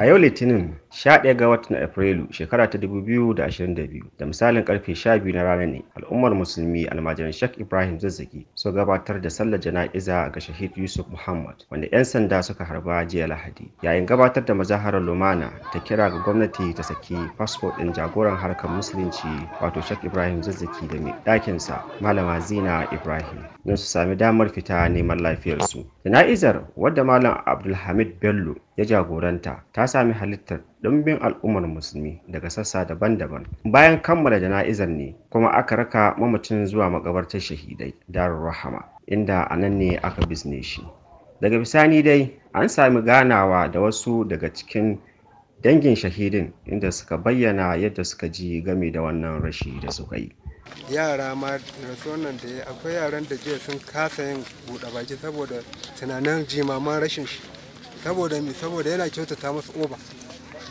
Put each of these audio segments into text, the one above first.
A yau Litinin 11 ga watan Afrilu shekara ta 2022 da misalin karfe 12 na rana ne al'ummar musulmi almajiran Sheikh Ibrahim Zazzaki su gabatar da sallar jana'iza ga Shahid Yusuf Muhammad wanda 'yan sanda suka harba jiya Lahadi yayin gabatar da mazaharar lumana ta kira ga gwamnati ta saki fasfo ɗin jagoran harkar musulunci wato Sheikh Ibrahim Zazzaki da mai ɗakinsa Malama Zina Ibrahim don su sami damar fita neman lafiyarsu. Jana'izar wadda Malam Abdulhamid Bello ya jagoranta ta sami halittar ɗumbin al'ummar musulmi daga sassa daban-daban bayan kammala jana'izar ne kuma aka raka mamacin zuwa makabartar shahidai darul rahama inda a nan ne aka bisne shi daga bisani dai an sami ganawa da wasu daga cikin dangin shahidin inda suka bayyana yadda suka ji game da wannan rashi da suka yi yara ma rasuwar wannan da akwai yaran da jiya sun kasa yin buɗe baki saboda tunanin jimaman rashin shi saboda yana kyautata masu oba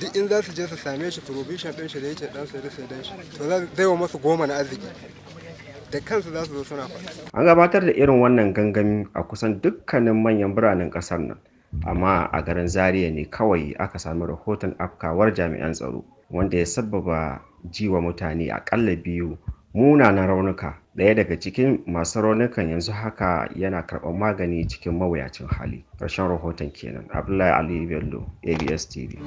duk in za su je su same shi probation ɗin shi da yake ɗan sai sai shi to zai wa masu goma na arziki da kansu za su zo suna faɗi. an gabatar da irin wannan gangami a kusan dukkanin manyan biranen ƙasar nan amma a garin zaria ne kawai aka sami rahoton afkawar jami'an tsaro wanda ya sabbaba jiwa mutane akalla biyu munanan raunuka ɗaya daga cikin masu raunukan yanzu haka yana karɓar magani cikin mawuyacin hali ƙarshen rahoton kenan abdullahi ali bello abs tv